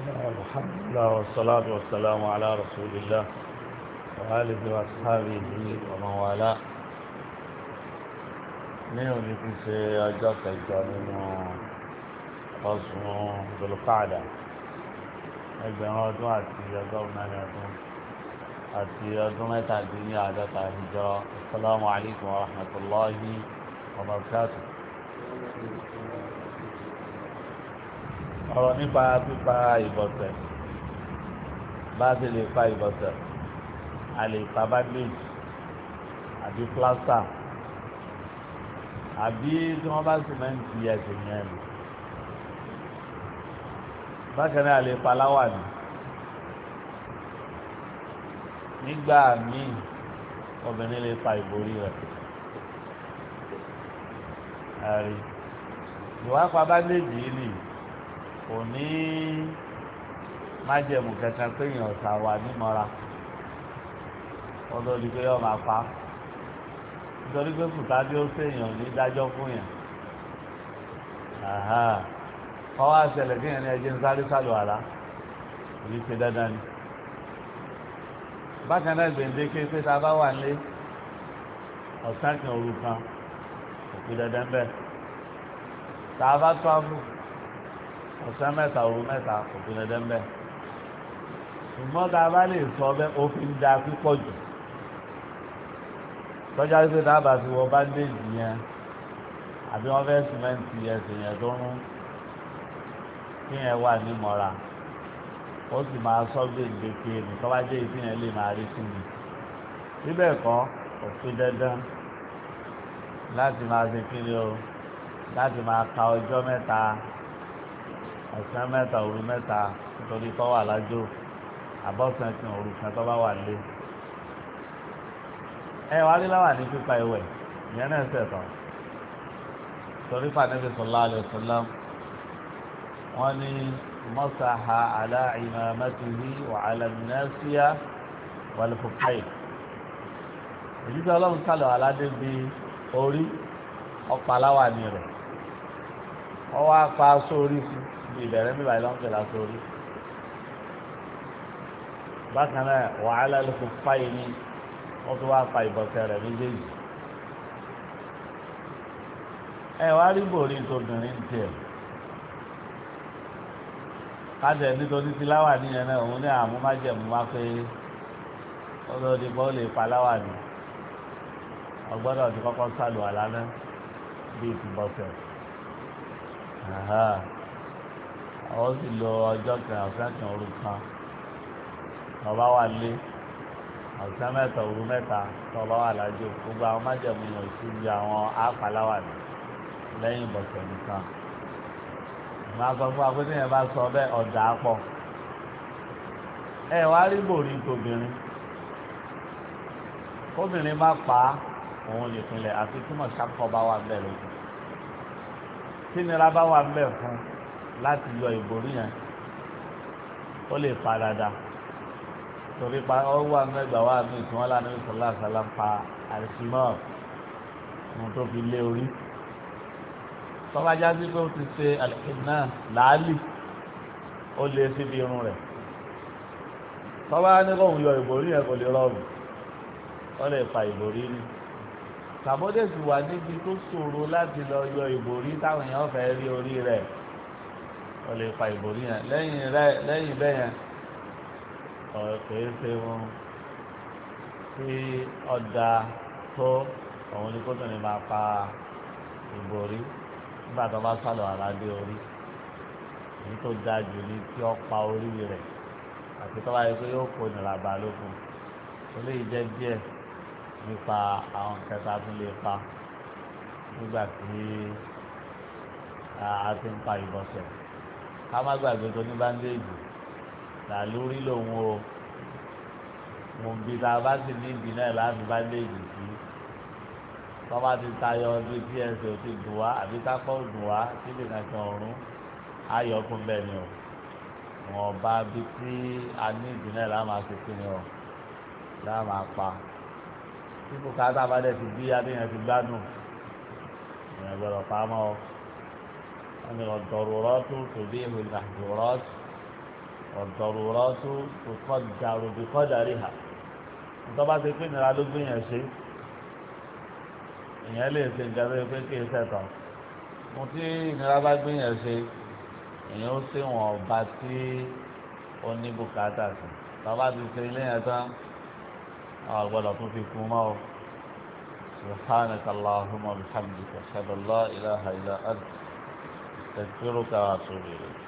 الحمد لله والصلاة والسلام على رسول الله وآله وأصحابه ومن والاه ní òní fi ṣe ọjọ́ kẹjọ nínú ọ̀sùn olùkàdà ẹgbẹ̀rún ọdún àti ọgọ́rùn-ún náírà ọdún àti ọdún mẹ́tàdínláàádọ́ta ìjọ assalamu alaikum warahmatullahi wabarakatuh ọ̀rọ̀ nípa pípa ìbọ̀sẹ̀ bá a ti lè pa ìbọ̀sẹ̀ a lè pa bandage àbí plásà àbí tí wọ́n bá sìmẹ́ǹtì ẹ̀sìn yẹn lò bákan náà a lè pa láwàní nígbà míì obìnrin lè pa ìborí rẹ̀ ẹ̀rí ìwà pa bandage yìí nìyí kò ní májẹ̀mú kankan pé èèyàn ọ̀sà wà nímọ̀ra ọdún ọdún pé yọ máa pa nítorí pé kùtà bí ó ṣèèyàn ní dájọ́ fún yẹn wọ́n wá ṣẹlẹ̀ kí yẹn ní ẹjẹ́ ń sáré sálò àlá èyí ṣe dandan ni bákan náà gbèǹdéke pé tá a bá wà lé ọ̀sán kan òru kan òpin dandan bẹ́ẹ̀ tá bá tó àbùkù ọ̀sán mẹ́ta òru mẹ́ta kò fi lẹ́dẹ́ ń bẹ́ ṣùgbọ́n tá a bá lè sọ bẹ́ òfin da pípọ̀ jù tọ́jà wípé dábàá ti wọ bandage yẹn àbí wọ́n fẹ́ sìmẹ́ǹtì ẹ̀sìn yẹn tó rún kí yẹn wà nímọ̀ra ó sì máa sọ gbèǹdéke nìkan bá jẹ́ ìpín lè máa rí sí mi síbẹ̀ kọ́ òfin dandan láti máa ṣe kiri o láti máa ka ọjọ́ mẹ́ta ọ̀sán mẹ́ta òru mẹ́ta nítorí tó wà lájò àbọ̀sán ti òru kan tó bá wà lé ẹ wà lílá wà ní pípa ìwẹ̀ ìyẹn náà ṣẹ̀ tán torí pàdébí sọlá alẹ́ sọlá wọn ní mọ́sáhà aláìmọ̀ mẹ́tìlí wàhálà nẹ́síà wàlúfọ̀káì ìdíje ọlọ́run sálọ̀ aládé bí orí ọ̀pá aláwà ní rẹ̀ ọwọ́ apá sórí fún ìbẹ̀rẹ̀ níbàá ìlànà pẹ̀lú aṣọ orí bákan náà wàhálà ló fi fáyé ní wọ́n tún wá fa ìbọ̀sẹ̀ rẹ̀ méjèèjì ẹ wá rí bòrí tóbìnrin tiẹ̀ kájẹ nítorí tiláwà nìyẹn náà òun ní àmúmájẹmú wá pé ọlọ́ọ̀dì bọ́ lè paláwà ní ọgbọ́dọ̀ ti kọ́kọ́ sálùwà lánàá bíi ìtúbọ̀sẹ̀ ọ sì lo ọjọ́ kan àfẹ́kàn òru kan ọba wà lé ọ̀sán mẹ́ta òru mẹ́ta tọ́ba wà lájò gbogbo àwọn májẹ̀mú yẹn sí bí àwọn apàláwà ní lẹ́yìn ìbọ̀sẹ̀ nìkan ìmọ̀ sọ fún akéde yẹn bá sọ bẹ́ẹ̀ ọ̀dà pọ̀ ẹ wá rí bòrí tòbìnrin kóbìnrin má pa òun nìpínlẹ̀ àti túmọ̀ sákọ̀ bá wà bẹ́ẹ̀ lójú kí nira bá wà bẹ́ẹ̀ fún un láti yọ ìborí yẹn ó lè pa dada torí pa ọ wà mẹgbà wà mí tí wọn lànà ìsọlá àsálà ń pa àìsímọ ohun tó fi lé orí tọ́bajá sí pé ó ti ṣe àlẹ́kìnnà làálì ó lé síbi irun rẹ̀ tọ́ba ní kò ń yọ ìborí yẹn kò lè rọrùn ó lè fa ìborí ni tàbọ́dẹ̀ sì wà níbi tó ṣòro láti lọ yọ ìborí táwọn èèyàn fẹ́ rí orí rẹ̀ wọ́n lè fa ìbò níyàn lẹ́yìn bẹ́yẹn ọ̀rọ̀ kìí ṣe wọn tí ọ̀dà tó òun ni kótó ni máa pa ìbò rí nígbà tó bá sálọ àládé orí èyí tó dáa jù ní kí ọ pa orí rẹ̀ àti tó bá yẹ pé yóò kó ìnira bá lókun eléyìí jẹ́ díẹ̀ nípa àwọn kẹta tó lè pa nígbà tí a ti ń pa ìbọ̀sẹ̀ ká má gbàgbé tó ní bandage là lórí lòun o mo ń bi tá a bá sì ní ìdí náà láti bandage sí tọ́ba ti tayọ ọdún tí ẹsẹ̀ ò ti dùn wá àbí kápọ̀ dùn wá síbi kankan ọ̀run ayọ̀kùn bẹ́ẹ̀ ni o wọn bá bí tí a ní ìdí náà láà máa ṣe kíni o láà máa pa kíkù ká sábà dẹ̀ ti bí adéyàn ti gbádùn ìrìn àgbẹ̀rọ̀ pamọ́ o. أن الضرورات تبيح المحظورات والضرورات تقدر بقدرها طبعا تكون العلوم من شيء ìyẹn lè ṣe nǹkan tó yẹ pé kí n ṣẹ̀tọ̀ mo tí ìnira bá gbìyàn ṣe èyàn ó ṣe wọn ọba tí ó ní bùkátà sí bàbá ti ṣe ilé yẹn tán àwọn gbọ́dọ̀ tún fi kún mọ́ o subhanaka allahumma wa bihamdika ashhadu an la ilaha illa anta. نستغفرك واتوب اليك